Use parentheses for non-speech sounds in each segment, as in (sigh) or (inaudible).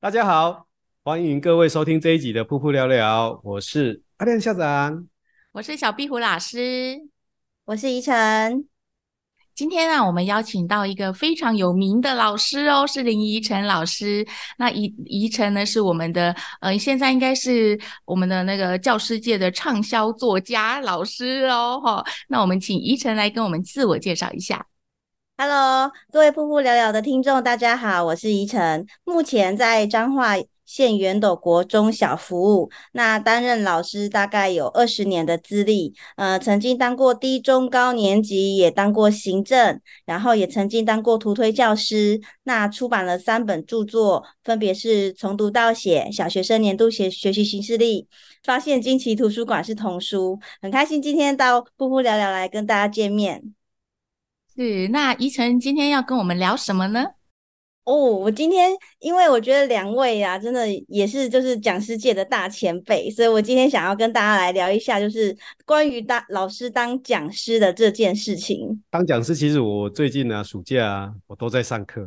大家好，歡迎各位收聽這一集的《噗噗聊聊》。我是阿亮校長，我是小壁虎老師，我是怡辰。今天呢，我們邀請到一個非常有名的老師哦，是林怡辰老師。那怡怡辰呢，是我們的嗯、呃，現在應該是我們的那個教師界的暢銷作家老師哦。哈、哦，那我們請怡辰來跟我們自我介紹一下。哈嘍，Hello, 各位噗噗聊聊的聽眾，大家好，我是怡辰，目前在彰化縣原斗國中小服務，那擔任老師大概有二十年的資歷，呃，曾經當過低中高年級，也當過行政，然後也曾經當過圖推教師，那出版了三本著作，分別是《從讀到寫》、《小學生年度學學習行事曆》、《發現驚奇圖書館》是童書，很開心今天到噗噗聊聊來跟大家見面。是，那怡辰今天要跟我們聊什麼呢？哦，我今天因為我覺得兩位啊，真的也是就是講師界的大前輩，所以我今天想要跟大家來聊一下，就是關於當老師當講師的這件事情。當講師，其實我最近呢、啊，暑假啊，我都在上課。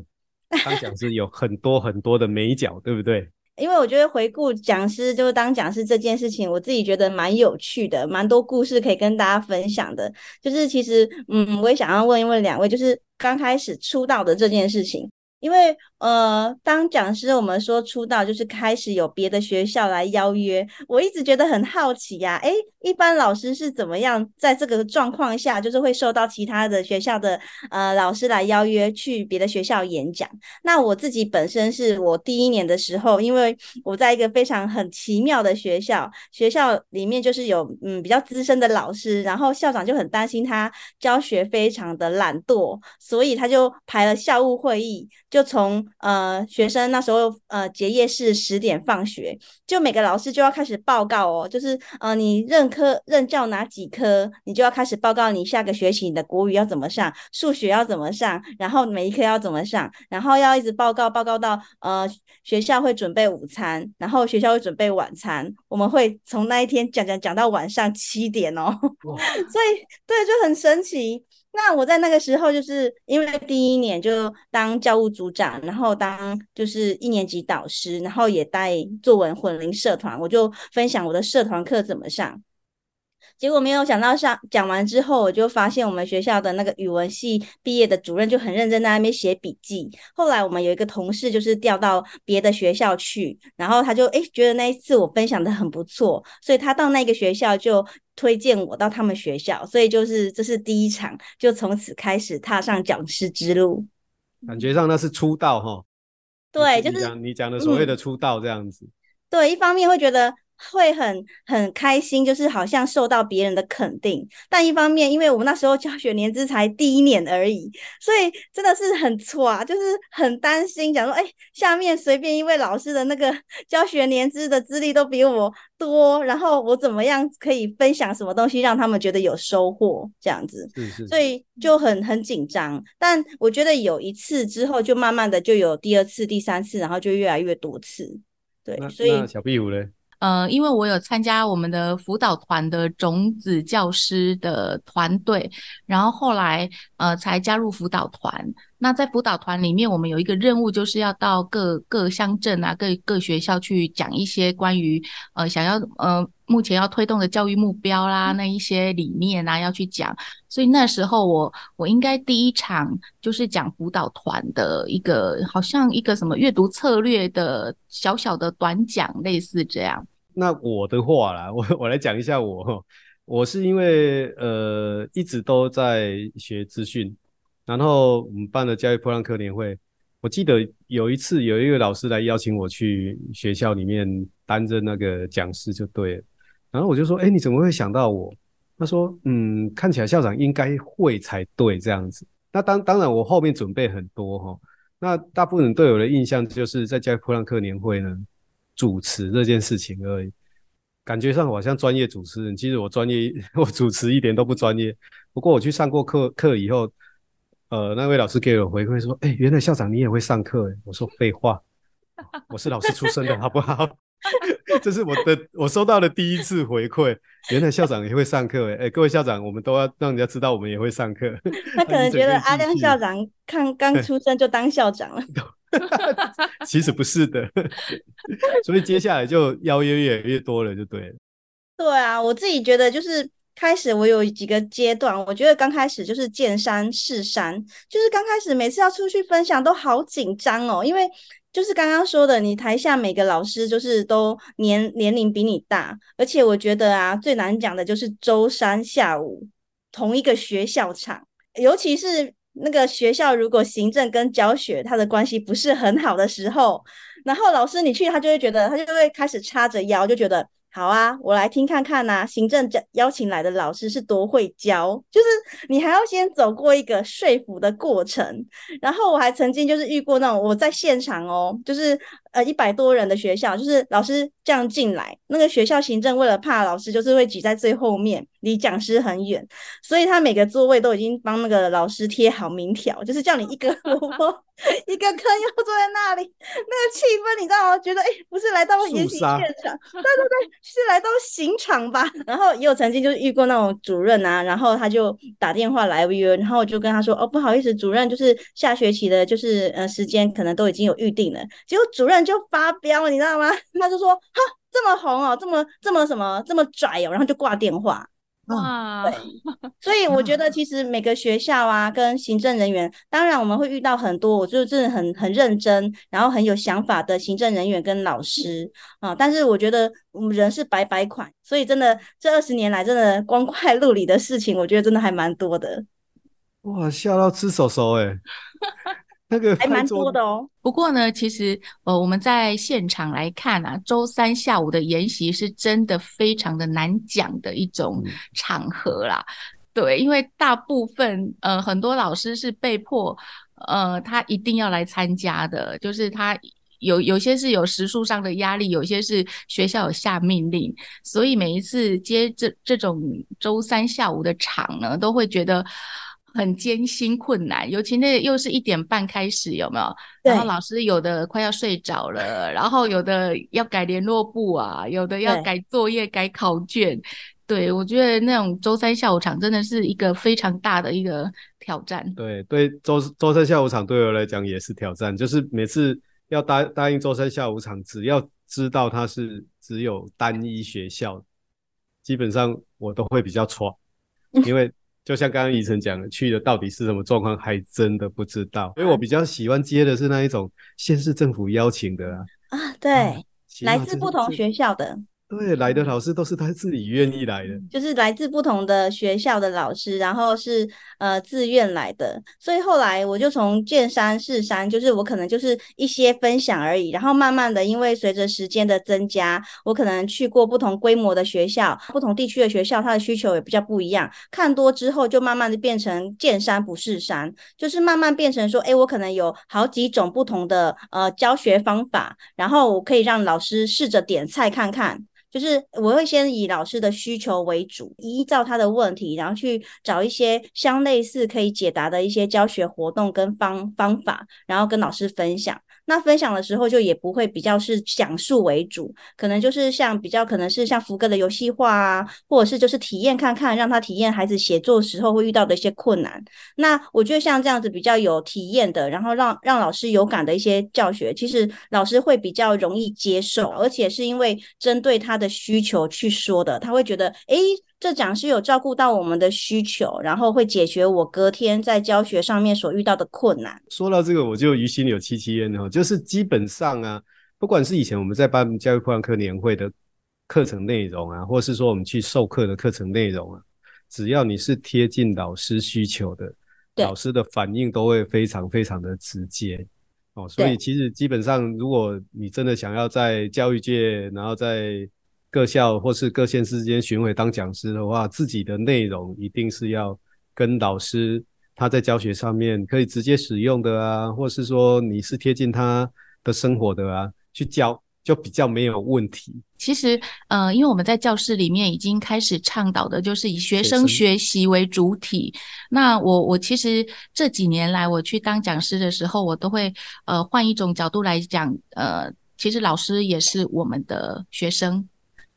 當講師有很多很多的美角， (laughs) 對不對？因為我覺得回顧講師就是當講師這件事情，我自己覺得蠻有趣的，蠻多故事可以跟大家分享的。就是其實，嗯，我也想要問一問兩位，就是剛開始出道的這件事情。因為呃，當講師，我們說出道就是開始有別的學校來邀約。我一直覺得很好奇呀、啊，誒，一般老師是怎麼樣在這個狀況下，就是會受到其他的學校的呃老師來邀約去別的學校演講？那我自己本身是我第一年的時候，因為我在一個非常很奇妙的學校，學校裡面就是有嗯比較資深的老師，然後校長就很擔心他教學非常的懶惰，所以他就排了校務會議。就從呃學生那時候呃結業式，十點放學，就每個老師就要開始報告哦，就是呃你任科任教哪幾科，你就要開始報告你下個學期你的國語要怎麼上，數學要怎麼上，然後每一科要怎麼上，然後要一直報告報告到呃學校會準備午餐，然後學校會準備晚餐，我們會從那一天講講講到晚上七點哦，哇 (laughs) 所以對，就很神奇。那我在那個時候，就是因為第一年就當教務組長，然後當就是一年級導師，然後也帶作文混齡社團，我就分享我的社團課怎麼上。結果沒有想到上講完之後，我就發現我們學校的那個語文系畢業的主任就很認真在那邊寫筆記。後來我們有一個同事就是調到別的學校去，然後他就誒覺得那一次我分享的很不錯，所以他到那個學校就。推薦我到他們學校，所以就是這是第一場，就從此開始踏上講師之路，感覺上那是出道哈。嗯，對，就是你講的所謂的出道這樣子，嗯。對，一方面會覺得。會很很開心，就是好像受到別人的肯定。但一方面，因為我們那時候教學年資才第一年而已，所以真的是很挫啊，就是很擔心，講說，哎、欸，下面隨便一位老師的那個教學年資的資歷都比我多，然後我怎麼樣可以分享什麼東西讓他們覺得有收穫這樣子？是是。所以就很很緊張。但我覺得有一次之後，就慢慢的就有第二次、第三次，然後就越來越多次。對，所以小屁股呢？呃，因為我有參加我們的輔導團的種子教師的團隊，然後後來呃才加入輔導團。那在輔導團裡面，我們有一個任務，就是要到各各鄉鎮啊、各各學校去講一些關於呃想要呃目前要推動的教育目標啦、啊，嗯，那一些理念啊，要去講。所以那時候我我應該第一場就是講輔導團的一個好像一個什麼閱讀策略的小小的短講，類似這樣。那我的話啦，我我來講一下我，齁，我是因為呃一直都在學資訊，然後我們辦了教育噗浪客年會，我記得有一次有一位老師來邀請我去學校裡面擔任那個講師就對了，然後我就說哎你怎麼會想到我？他說嗯看起來校長應該會才對這樣子，那當當然我後面準備很多哈、哦，那大部分人對我的印象就是在教育噗浪客年會呢。主持這件事情而已，感覺上我好像專業主持人，其實我專業，我主持一點都不專業。不過我去上過課，課以後，呃，那位老師給我回饋說，哎，原來校長你也會上課，我說廢話，我是老師出身的 (laughs) 好不好？ (laughs) 這是我的，我收到的第一次回饋。原來校長也會上課哎，各位校長，我們都要讓人家知道我們也會上課。他可能覺得阿亮校長看剛出生就當校長了、哎。 (laughs) (laughs) 其實不是的， (laughs) 所以接下來就邀約越來越、越多了，就對對啊，我自己覺得就是開始，我有幾個階段，我覺得剛開始就是見山是山，就是剛開始每次要出去分享都好緊張哦，因為就是剛剛說的，你台下每個老師就是都年年齡比你大，而且我覺得啊最難講的就是週三下午同一個學校場，尤其是。那個學校如果行政跟教學他的關係不是很好的時候，然後老師你去他就會覺得他就會開始叉著腰就覺得，好啊，我來聽看看吶、啊，行政邀邀請來的老師是多會教，就是你還要先走過一個說服的過程。然後我還曾經就是遇過那種我在現場哦，就是呃一百多人的學校，就是老師這樣進來，那個學校行政為了怕老師就是會擠在最後面。離講師很遠，所以他每個座位都已經幫那個老師貼好名條，就是叫你一個蘿蔔 (laughs) 一個坑要坐在那裡。那個氣氛你知道嗎？覺得誒、欸、不是來到演習現場，對對對，是來到刑場吧？然後也有曾經就是遇過那種主任啊，然後他就打電話來約，然後我就跟他說哦，不好意思，主任就是下學期的，就是呃時間可能都已經有預定了。結果主任就發飆，你知道嗎？他就說哈這麼紅哦，這麼這麼什麼這麼拽哦，然後就掛電話。哇，哦、對，所以我覺得其實每個學校啊，哦、跟行政人員，當然我們會遇到很多，我就真的很很認真，然後很有想法的行政人員跟老師啊、呃，但是我覺得我們人是百百款，所以真的這二十年來，真的光怪陸離的事情，我覺得真的還蠻多的。哇，笑到吃手手哎。 (laughs) 還蠻多的哦。不過呢，其實呃，我們在現場來看啊，周三下午的研習是真的非常的難講的一種場合啦。嗯、對，因為大部分呃很多老師是被迫呃他一定要來參加的，就是他有有些是有時數上的壓力，有些是學校有下命令，所以每一次接這這種周三下午的場呢，都會覺得。很艱辛困難，尤其那又是一點半開始，有沒有？對然後老師有的快要睡着了，然後有的要改聯絡簿啊，有的要改作業、對改考卷。對，我覺得那種周三下午場真的是一個非常大的一個挑戰。對對，周周三下午場對我來講也是挑戰，就是每次要答答應周三下午場，只要知道它是只有單一學校的，基本上我都會比較喘，因為。 (laughs) 就像剛剛怡辰講的，去的到底是什麼狀況，還真的不知道。所以、嗯、我比較喜歡接的是那一種，縣市政府邀請的啊，啊對，啊來自不同學校的。對，來的老師都是他自己願意來的，就是來自不同的學校的老師，然後是呃自願來的。所以後來我就從見山是山，就是我可能就是一些分享而已。然後慢慢的，因為隨着時間的增加，我可能去過不同規模的學校、不同地區的學校，它的需求也比較不一樣。看多之後，就慢慢的變成見山不是山，就是慢慢變成說，誒，我可能有好幾種不同的呃教學方法，然後我可以讓老師試着點菜看看。就是我會先以老師的需求為主，依照他的問題，然後去找一些相類似可以解答的一些教學活動跟方方法，然後跟老師分享。那分享的時候就也不會比較是講述為主，可能就是像比較可能是像福哥的遊戲化啊，或者是就是體驗看看，讓他體驗孩子寫作的時候會遇到的一些困難。那我覺得像這樣子比較有體驗的，然後讓讓老師有感的一些教學，其實老師會比較容易接受，而且是因為針對他的需求去說的，他會覺得哎，誒這講是有照顧到我們的需求，然後會解決我隔天在教學上面所遇到的困難。說到這個，我就於心有戚戚焉，就是基本上啊，不管是以前我們在辦教育噗浪客年會的課程內容啊，或是說我們去授課的課程內容啊，只要你是貼近老師需求的，對老師的反應都會非常非常的直接哦。所以其實基本上，如果你真的想要在教育界，然後在……各校或是各縣市之間巡迴當講師的話，自己的內容一定是要跟老師他在教學上面可以直接使用的啊，或是說你是貼近他的生活的啊，去教就比較沒有問題。其實，呃，因為我們在教室裡面已經開始倡導的就是以學生學習為主體。學生。那我我其實這幾年來，我去當講師的時候，我都會呃換一種角度來講，呃，其實老師也是我們的學生。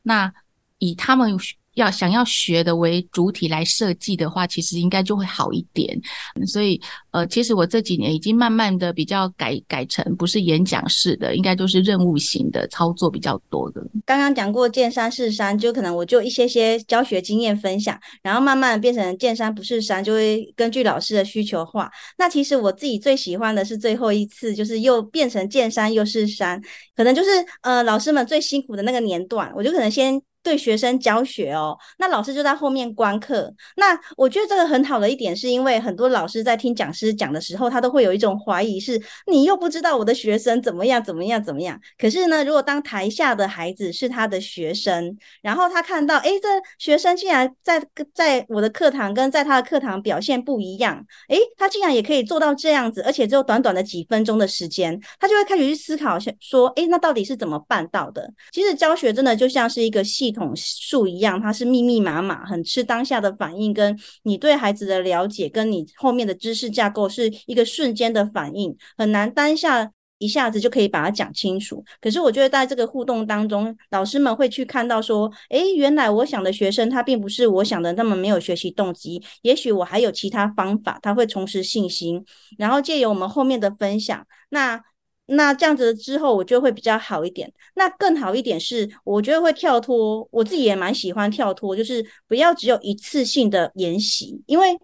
那以他們，要想要學的為主體來設計的話，其實應該就會好一點，嗯。所以，呃，其實我這幾年已經慢慢的比較改改成不是演講式的，應該就是任務型的操作比較多的。剛剛講過見山是山，就可能我就一些些教學經驗分享，然後慢慢變成見山不是山，就會根據老師的需求化。那其實我自己最喜歡的是最後一次，就是又變成見山又是山，可能就是呃老師們最辛苦的那個年段，我就可能先。對學生教學哦，那老師就在後面觀課。那我覺得這個很好的一點是因為很多老師在聽講師講的時候，他都會有一種懷疑是，是你又不知道我的學生怎麼樣，怎麼樣，怎麼樣？可是呢，如果當台下的孩子是他的學生，然後他看到，誒，這學生竟然在在我的課堂跟在他的課堂表現不一樣，誒，他竟然也可以做到這樣子，而且只有短短的幾分鐘的時間，他就會開始去思考，說，誒，那到底是怎麼辦到的？其實教學真的就像是一個系統。統數一樣，它是密密麻麻，很吃當下的反應，跟你對孩子的了解，跟你後面的知識架構是一個瞬間的反應，很難當下一下子就可以把它講清楚。可是我覺得在這個互動當中，老師們會去看到說，誒、欸，原來我想的學生他並不是我想的那麼沒有學習動機，也許我還有其他方法，他會重拾信心，然後借由我們後面的分享，那。那這樣子之後，我就會比較好一點。那更好一點是，我覺得會跳脫。我自己也蠻喜歡跳脫，就是不要只有一次性的研習。因為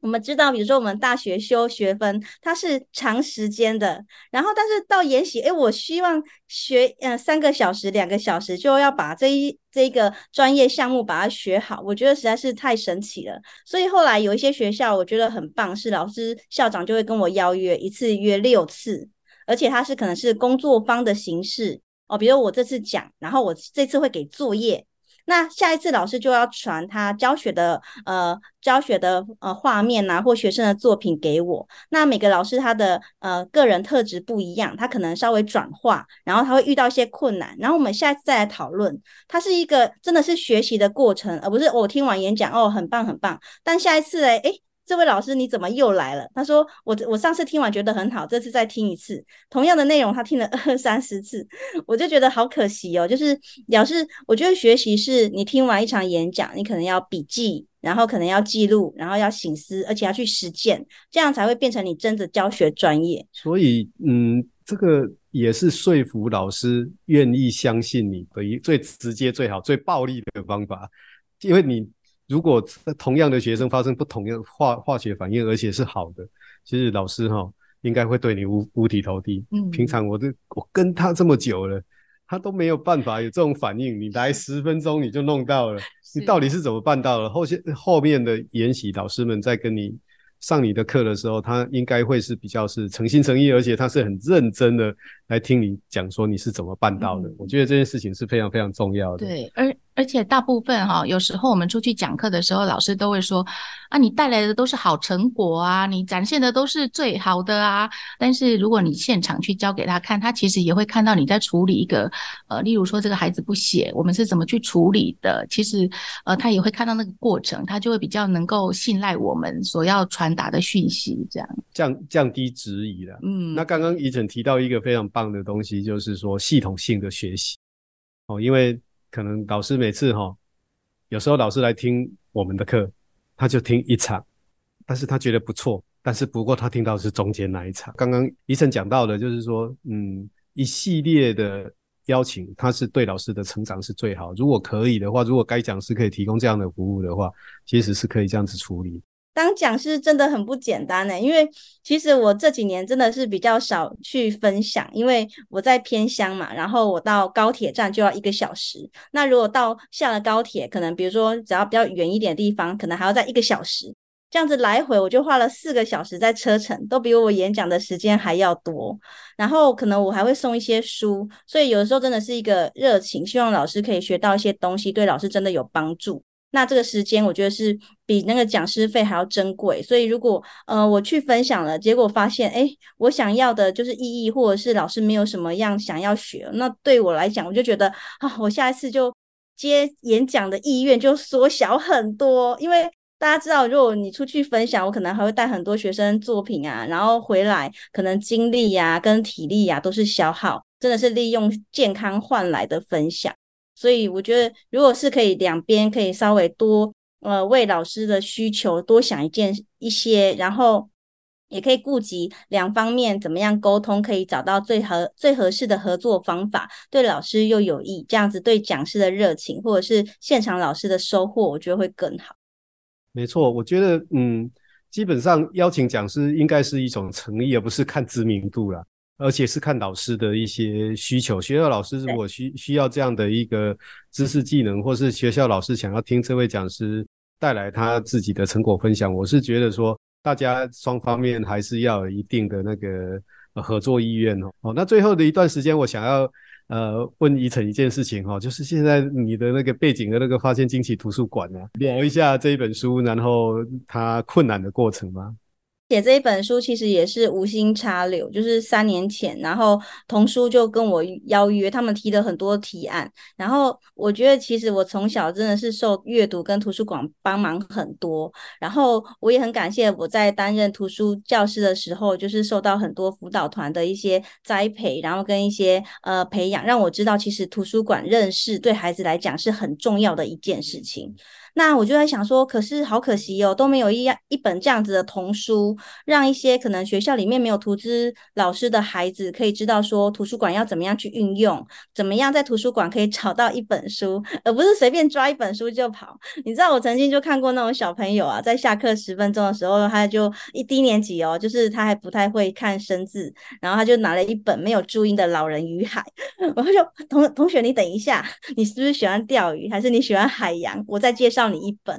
我們知道，比如說我們大學修學分，它是長時間的。然後，但是到研習，哎、欸，我希望學嗯、呃、三個小時、兩個小時就要把這一這一個專業項目把它學好。我覺得實在是太神奇了。所以後來有一些學校，我覺得很棒，是老師校長就會跟我邀約一次約六次。而且它是可能是工作坊的形式哦，比如我這次講，然後我這次會給作業，那下一次老師就要傳他教學的呃教學的呃畫面吶、啊，或學生的作品給我。那每個老師他的呃個人特質不一樣，他可能稍微轉化，然後他會遇到一些困難，然後我們下一次再來討論。它是一個真的是學習的過程，而不是我、哦、聽完演講哦很棒很棒，但下一次哎哎。誒這位老師，你怎麼又來了？他說：“我我上次聽完覺得很好，這次再聽一次，同樣的內容，他聽了二三十次，我就覺得好可惜哦。就是表示，我覺得學習是你聽完一場演講，你可能要筆記，然後可能要記錄，然後要省思，而且要去實踐，這樣才會變成你真的教學專業。所以，嗯，這個也是說服老師願意相信你的一最直接、最好、最暴力的方法，因為你。”如果同樣的學生發生不同的化化學反應，而且是好的，其實老師哈應該會對你五五體投地。嗯，平常我都我跟他這麼久了，他都沒有辦法有這種反應，你來十分鐘你就弄到了。是你到底是怎麼辦到了？是後先後面的研習老師們在跟你上你的課的時候，他應該會是比較是誠心誠意，嗯、而且他是很認真的來聽你講說你是怎麼辦到的。嗯、我覺得這件事情是非常非常重要的。對。而且大部分哈、哦，有時候我們出去講課的時候，老師都會說：“啊，你帶來的都是好成果啊，你展現的都是最好的啊。”但是如果你現場去教給他看，他其實也會看到你在處理一個呃，例如說這個孩子不寫，我們是怎麼去處理的。其實呃，他也會看到那個過程，他就會比較能夠信賴我們所要傳達的訊息，這樣降降低質疑了。嗯，那剛剛怡晨提到一個非常棒的東西，就是說系統性的學習哦，因為。可能老師每次哈，有時候老師來聽我們的課，他就聽一場，但是他覺得不錯，但是不過他聽到的是中間那一場。剛剛怡辰講到的，就是說，嗯，一系列的邀請，他是對老師的成長是最好。如果可以的話，如果該講師可以提供這樣的服務的話，其實是可以這樣子處理。當講師真的很不簡單呢，因為其實我這幾年真的是比較少去分享，因為我在偏鄉嘛，然後我到高鐵站就要一個小時。那如果到下了高鐵，可能比如說只要比較遠一點的地方，可能還要再一個小時，這樣子來回我就花了四個小時在車程，都比我演講的時間還要多。然後可能我還會送一些書，所以有的時候真的是一個熱情，希望老師可以學到一些東西，對老師真的有幫助。那這個時間，我覺得是比那個講師費還要珍貴。所以，如果呃我去分享了，結果發現，誒，我想要的就是意義，或者是老師沒有什麼樣想要學，那對我來講，我就覺得啊，我下一次就接演講的意願就縮小很多。因為大家知道，如果你出去分享，我可能還會帶很多學生作品啊，然後回來可能精力呀、啊、跟體力呀、啊、都是消耗，真的是利用健康換來的分享。所以我覺得，如果是可以兩邊可以稍微多呃為老師的需求多想一件一些，然後也可以顧及兩方面怎麼樣溝通，可以找到最合最合適的合作方法，對老師又有益，這樣子對講師的熱情或者是現場老師的收穫，我覺得會更好。沒錯，我覺得嗯，基本上邀請講師應該是一種誠意，而不是看知名度啦。而且是看老師的一些需求，學校老師如果需需要這樣的一個知識技能，對或是學校老師想要聽這位講師帶來他自己的成果分享，我是覺得說，大家雙方面還是要有一定的那個合作意願哦。哦，那最後的一段時間，我想要呃問怡辰一件事情哈、哦，就是現在你的那個背景的那個發現驚奇圖書館呢、啊，聊一下這一本書，然後它困難的過程嗎？寫這一本書其實也是無心插柳，就是三年前，然後童書就跟我邀約，他們提了很多提案，然後我覺得其實我從小真的是受閱讀跟圖書館幫忙很多，然後我也很感謝我在擔任圖書教師的時候，就是受到很多輔導團的一些栽培，然後跟一些呃培養，讓我知道其實圖書館認識對孩子來講是很重要的一件事情。那我就在想說，可是好可惜哦，都沒有一樣一本這樣子的童書，讓一些可能學校裡面沒有圖資老師的孩子，可以知道說圖書館要怎麼樣去運用，怎麼樣在圖書館可以找到一本書，而不是隨便抓一本書就跑。你知道我曾經就看過那種小朋友啊，在下課十分鐘的時候，他就一低年級哦，就是他還不太會看生字，然後他就拿了一本沒有注音的《老人與海》，我就說同同學你等一下，你是不是喜歡釣魚，還是你喜歡海洋？我再介紹。要你一本，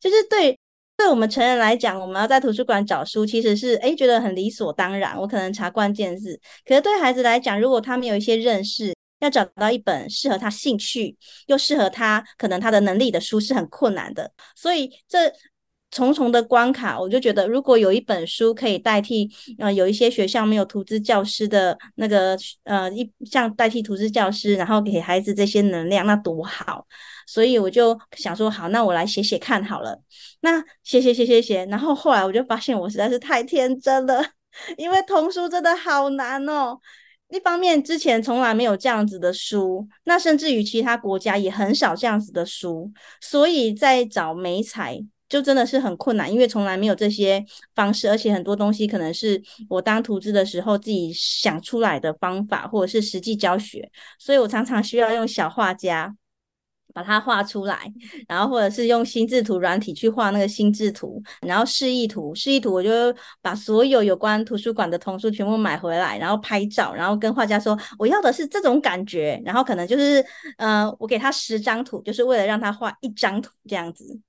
就是對對我們成人來講，我們要在圖書館找書，其實是誒覺得很理所當然。我可能查關鍵字，可是對孩子來講，如果他沒有一些認識，要找到一本適合他興趣又適合他可能他的能力的書是很困難的。所以這。重重的關卡，我就覺得，如果有一本書可以代替，呃，有一些學校沒有圖資教師的那個，呃，一像代替圖資教師，然後給孩子這些能量，那多好。所以我就想說，好，那我來寫寫看好了。那寫寫寫寫寫，然後後來我就發現，我實在是太天真了，因為童書真的好難哦。一方面，之前從來沒有這樣子的書，那甚至於其他國家也很少這樣子的書，所以在找媒材。就真的是很困難，因為從來沒有這些方式，而且很多東西可能是我當圖資的時候自己想出來的方法，或者是實際教學。所以我常常需要用小畫家把它畫出來，然後或者是用心智圖軟體去畫那個心智圖，然後示意圖、示意圖，我就把所有有關圖書館的童書全部買回來，然後拍照，然後跟畫家說，我要的是這種感覺，然後可能就是呃，我給他十張圖，就是為了讓他畫一張圖這樣子。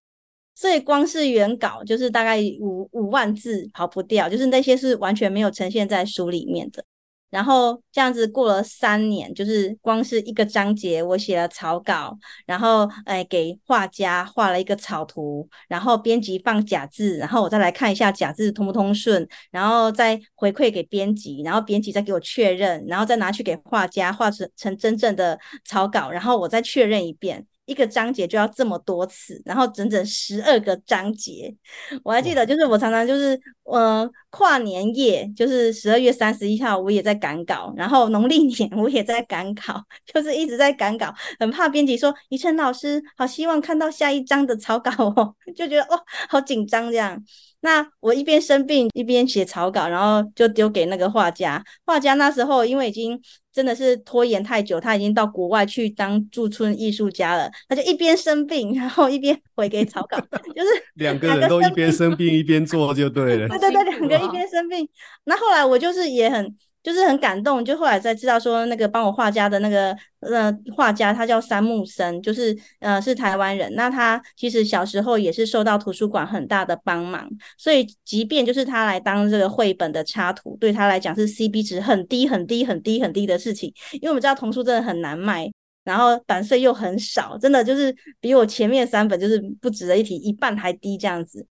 所以光是原稿就是大概五五萬字跑不掉，就是那些是完全沒有呈現在書裡面的。然後這樣子過了三年，就是光是一個章節，我寫了草稿，然後哎、呃、給畫家畫了一個草圖，然後編輯放假字，然後我再來看一下假字通不通順，然後再回饋給編輯，然後編輯再給我確認，然後再拿去給畫家畫成成真正的草稿，然後我再確認一遍。一個章節就要這麼多次，然後整整十二個章節，我還記得，就是我常常就是，嗯、呃，跨年夜就是十二月三十一號，我也在趕稿，然後農曆年我也在趕稿，就是一直在趕稿，很怕編輯說，怡辰老師，好希望看到下一章的草稿哦，就覺得哦，好緊張這樣。那我一邊生病一邊寫草稿，然後就丟給那個畫家，畫家那時候因為已經。真的是拖延太久，他已經到國外去當駐村藝術家了。他就一邊生病，然後一邊回給草稿， (laughs) 就是兩個人都一邊生病 (laughs) 一邊做就對了。 (laughs) (laughs) 對對對，兩個一邊生病。那 (laughs) 後，後來我就是也很。就是很感動，就後來才知道說那個幫我畫家的那個呃畫家，他叫三木森，就是呃是台灣人。那他其實小時候也是受到圖書館很大的幫忙，所以即便就是他來當這個繪本的插圖，對他來講是 CB 值很低很低很低很低的事情。因為我們知道童書真的很難賣，然後版稅又很少，真的就是比我前面三本就是不值得一提，一半還低這樣子。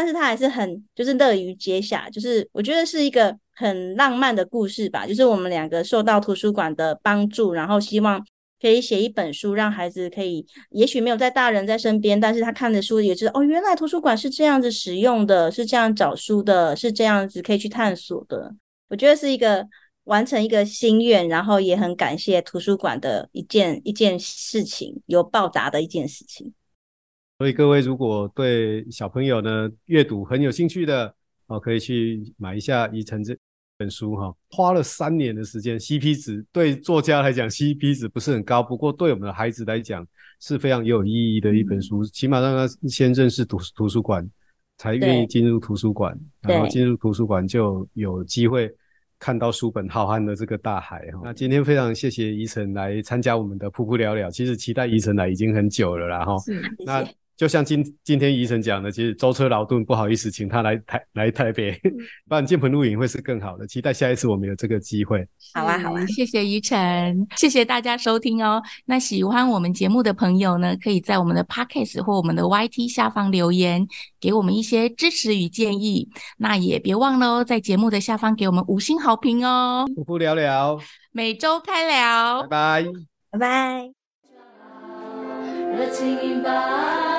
但是他還是很就是樂於接下，就是我覺得是一個很浪漫的故事吧。就是我們兩個受到圖書館的幫助，然後希望可以寫一本書，讓孩子可以，也許沒有在大人在身邊，但是他看的書也知道，哦，原來圖書館是這樣子使用的，是這樣找書的，是這樣子可以去探索的。我覺得是一個完成一個心願，然後也很感謝圖書館的一件一件事情，有報答的一件事情。.所以各位如果對小朋友呢閱讀很有興趣的哦，可以去買一下怡辰這本書哈、哦。花了三年的時間，C P 值，對作家來講 C P 值不是很高，不過對我們的孩子來講是非常有意義的一本書。起碼讓他先認識圖圖書館，才願意進入圖書館，對然後進入圖書館就有機會看到書本浩瀚的這個大海哈。對那今天非常謝謝怡辰來參加我們的噗噗聊聊，其實期待怡辰來已經很久了啦。哈。是，那。謝謝。就像今今天怡辰講的，其實舟車勞頓，不好意思，請他來台來台北，嗯、 (laughs) 不然劍錄影會是更好的。期待下一次我們有這個機會。好啊，好啊，嗯、謝謝怡辰，謝謝大家收聽哦。那喜歡我們節目的朋友呢，可以在我們的 podcast 或我們的 YT 下方留言，給我們一些支持與建議。那也別忘了、哦、在節目的下方給我們五星好評哦。噗噗聊聊，每週開聊，拜拜，拜拜。